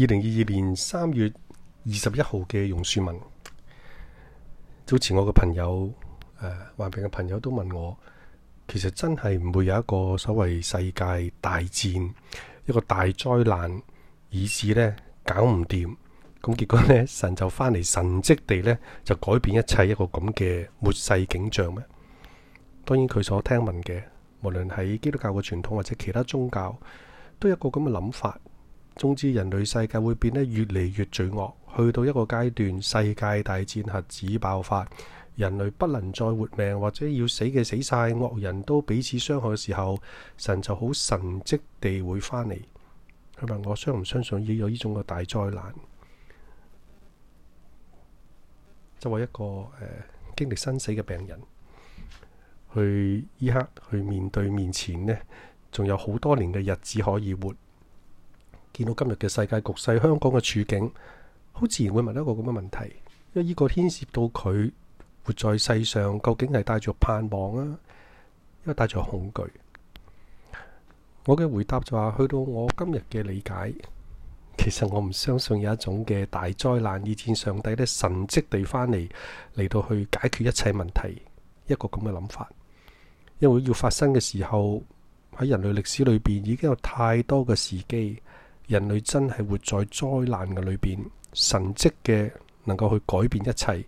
二零二二年三月二十一號嘅容樹文，早前我嘅朋友，誒患病嘅朋友都問我，其實真係唔會有一個所謂世界大戰，一個大災難，以致呢搞唔掂，咁結果呢，神就翻嚟神蹟地呢，就改變一切一個咁嘅末世景象咩？當然佢所聽聞嘅，無論喺基督教嘅傳統或者其他宗教，都有一個咁嘅諗法。總之，人類世界會變得越嚟越罪惡，去到一個階段，世界大戰、核子爆發，人類不能再活命，或者要死嘅死晒，惡人都彼此傷害嘅時候，神就好神跡地會翻嚟。佢話，我相唔相信要有呢種嘅大災難？作為一個誒、呃、經歷生死嘅病人，去依刻去面對面前呢，仲有好多年嘅日子可以活。見到今日嘅世界局勢，香港嘅處境，好自然會問一個咁嘅問題，因為呢個牽涉到佢活在世上究竟係帶住盼望啊，因為帶住恐懼。我嘅回答就話、是，去到我今日嘅理解，其實我唔相信有一種嘅大災難，以致上帝的神迹地翻嚟嚟到去解決一切問題，一個咁嘅諗法。因為要發生嘅時候喺人類歷史裏邊已經有太多嘅時機。人類真係活在災難嘅裏邊，神蹟嘅能夠去改變一切，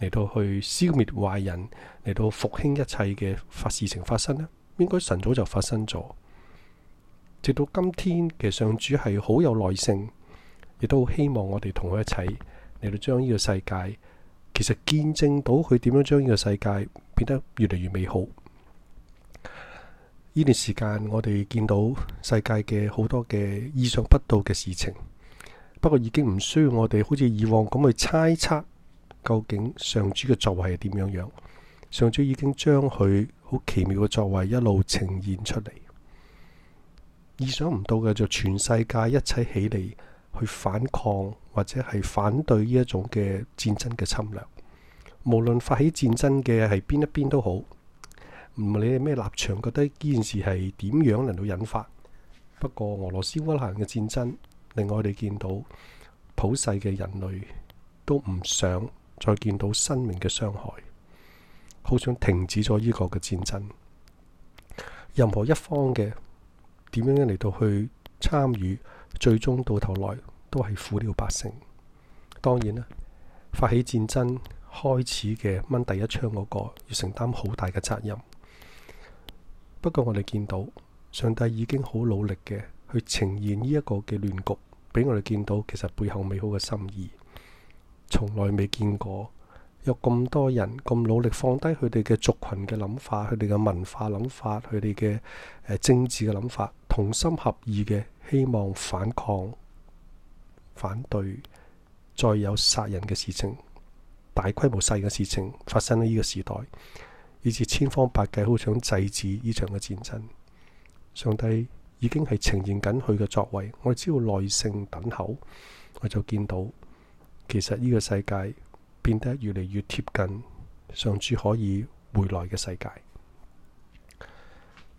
嚟到去消滅壞人，嚟到復興一切嘅發事情發生呢，應該神早就發生咗。直到今天，其實上主係好有耐性，亦都好希望我哋同佢一齊嚟到將呢個世界，其實見證到佢點樣將呢個世界變得越嚟越美好。呢段時間，我哋見到世界嘅好多嘅意想不到嘅事情。不過已經唔需要我哋好似以往咁去猜測究竟上主嘅作為係點樣樣。上主已經將佢好奇妙嘅作為一路呈現出嚟。意想唔到嘅就全世界一齊起嚟去反抗或者係反對呢一種嘅戰爭嘅侵略。無論發起戰爭嘅係邊一邊都好。唔理你咩立場，覺得呢件事係點樣嚟到引發？不過俄羅斯烏克蘭嘅戰爭，令我哋見到普世嘅人類都唔想再見到生命嘅傷害，好想停止咗呢個嘅戰爭。任何一方嘅點樣嚟到去參與，最終到頭來都係苦了百姓。當然啦，發起戰爭開始嘅掹第一槍嗰個要承擔好大嘅責任。不過我哋見到上帝已經好努力嘅去呈現呢一個嘅亂局，俾我哋見到其實背後美好嘅心意，從來未見過有咁多人咁努力放低佢哋嘅族群嘅諗法、佢哋嘅文化諗法、佢哋嘅政治嘅諗法，同心合意嘅希望反抗、反對，再有殺人嘅事情、大規模殺人嘅事情發生喺呢個時代。以至千方百計，好想制止呢場嘅戰爭。上帝已經係呈現緊佢嘅作為，我哋只要耐性等候，我就見到其實呢個世界變得越嚟越貼近上主可以回來嘅世界。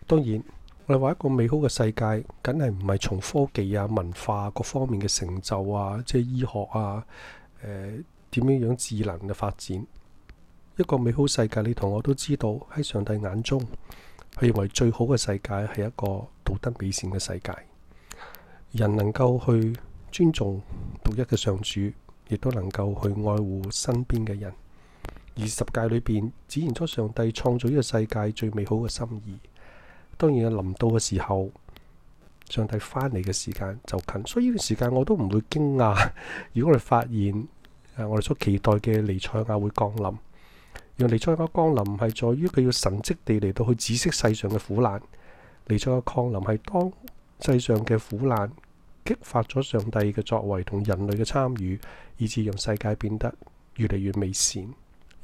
當然，我哋話一個美好嘅世界，梗係唔係從科技啊、文化、啊、各方面嘅成就啊，即係醫學啊、誒點樣樣智能嘅發展。一個美好世界，你同我都知道喺上帝眼中，佢認為最好嘅世界係一個道德美善嘅世界。人能夠去尊重獨一嘅上主，亦都能夠去愛護身邊嘅人。十誡裏邊，展現出上帝創造呢個世界最美好嘅心意。當然啊，臨到嘅時候，上帝翻嚟嘅時間就近，所以呢段時間我都唔會驚訝。如果我哋發現我哋所期待嘅尼采亞會降臨。人尼再嘅降臨，唔係在於佢要神蹟地嚟到去，止息世上嘅苦難。尼再嘅降臨，係當世上嘅苦難激發咗上帝嘅作為同人類嘅參與，以致讓世界變得越嚟越美善，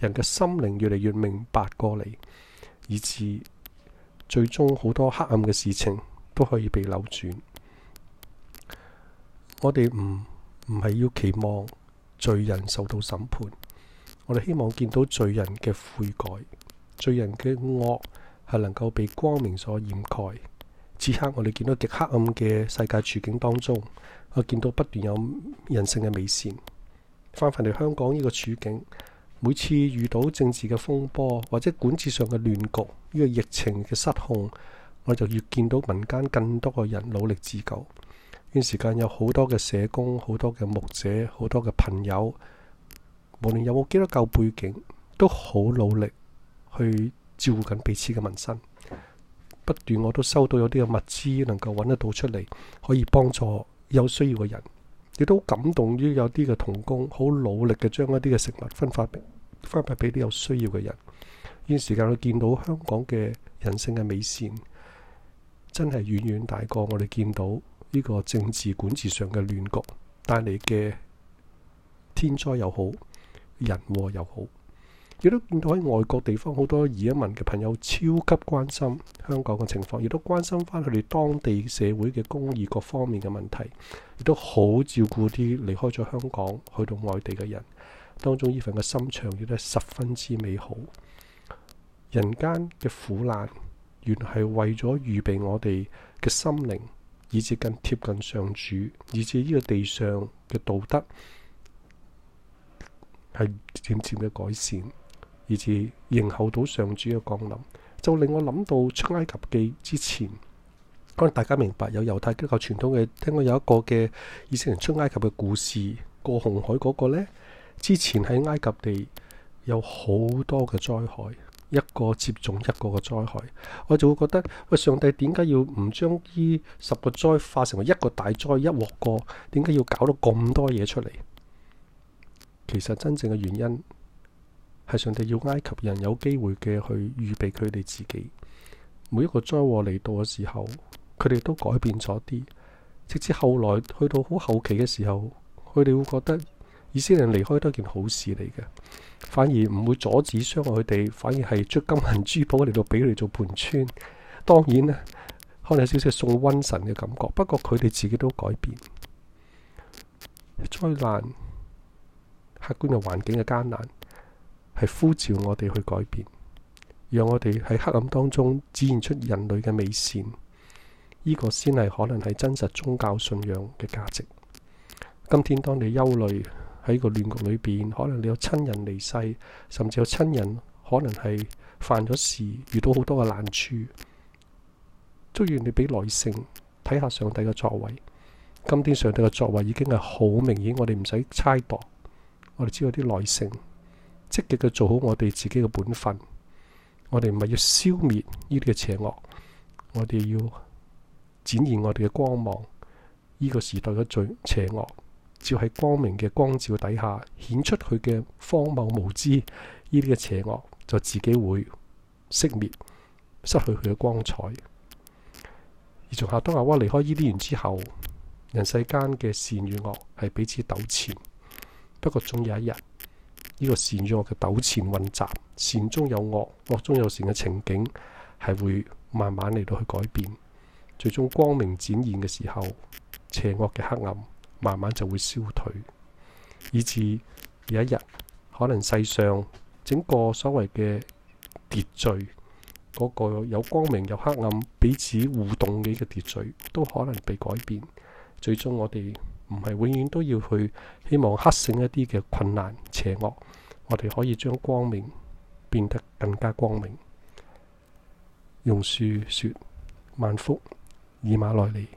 人嘅心靈越嚟越明白過嚟，以致最終好多黑暗嘅事情都可以被扭轉。我哋唔唔係要期望罪人受到審判。我哋希望見到罪人嘅悔改，罪人嘅惡係能夠被光明所掩蓋。此刻我哋見到極黑暗嘅世界處境當中，我見到不斷有人性嘅美善。翻返嚟香港呢個處境，每次遇到政治嘅風波或者管治上嘅亂局，呢個疫情嘅失控，我就越見到民間更多嘅人努力自救。呢段時間有好多嘅社工、好多嘅牧者、好多嘅朋友。無論有冇基督教背景，都好努力去照顧緊彼此嘅民生。不斷我都收到有啲嘅物資，能夠揾得到出嚟，可以幫助有需要嘅人。亦都感動於有啲嘅同工好努力嘅，將一啲嘅食物分發分發俾啲有需要嘅人。呢段時間我見到香港嘅人性嘅美善，真係遠遠大過我哋見到呢個政治管治上嘅亂局帶嚟嘅天災又好。人禍又好，亦都見到喺外國地方好多移民嘅朋友超級關心香港嘅情況，亦都關心翻佢哋當地社會嘅公義各方面嘅問題，亦都好照顧啲離開咗香港去到外地嘅人。當中呢份嘅心腸亦都係十分之美好。人間嘅苦難原係為咗預備我哋嘅心靈，以至更貼近上主，以至呢個地上嘅道德，係漸漸嘅改善，以至迎候到上主嘅降臨，就令我諗到出埃及記之前，可能大家明白有猶太基督教傳統嘅，聽過有一個嘅以色列出埃及嘅故事，過紅海嗰個呢，之前喺埃及地有好多嘅災害，一個接種一個嘅災害，我就會覺得喂，上帝點解要唔將呢十個災化成為一個大災一鑊過？點解要搞到咁多嘢出嚟？其實真正嘅原因係上帝要埃及人有機會嘅去預備佢哋自己，每一個災禍嚟到嘅時候，佢哋都改變咗啲，直至後來去到好後期嘅時候，佢哋會覺得以色列人離開都係件好事嚟嘅，反而唔會阻止傷害佢哋，反而係將金銀珠寶嚟到俾佢哋做盤川。當然咧，可能有少少送瘟神嘅感覺，不過佢哋自己都改變，災難。客觀嘅環境嘅艱難係呼召我哋去改變，讓我哋喺黑暗當中展現出人類嘅美善。呢、這個先係可能係真實宗教信仰嘅價值。今天當你憂慮喺個亂局裏邊，可能你有親人離世，甚至有親人可能係犯咗事，遇到好多嘅難處，祝願你俾耐性睇下上帝嘅作為。今天上帝嘅作為已經係好明顯，我哋唔使猜度。我哋知道啲耐性，積極嘅做好我哋自己嘅本分。我哋唔係要消滅呢啲嘅邪惡，我哋要展現我哋嘅光芒。呢、這個時代嘅罪邪惡，只要喺光明嘅光照底下顯出佢嘅荒謬無知，呢啲嘅邪惡就自己會熄滅，失去佢嘅光彩。而從夏多亞娃離開伊甸園之後，人世間嘅善與惡係彼此糾纏。不過總有一日，呢個善與惡嘅糾纏混雜，善中有惡，惡中有善嘅情景，係會慢慢嚟到去改變。最終光明展現嘅時候，邪惡嘅黑暗慢慢就會消退，以至有一日，可能世上整個所謂嘅秩序，嗰個有光明有黑暗彼此互動嘅一個秩序，都可能被改變。最終我哋。唔係永遠都要去希望克勝一啲嘅困難、邪惡，我哋可以將光明變得更加光明。用樹説：萬福，以馬內利。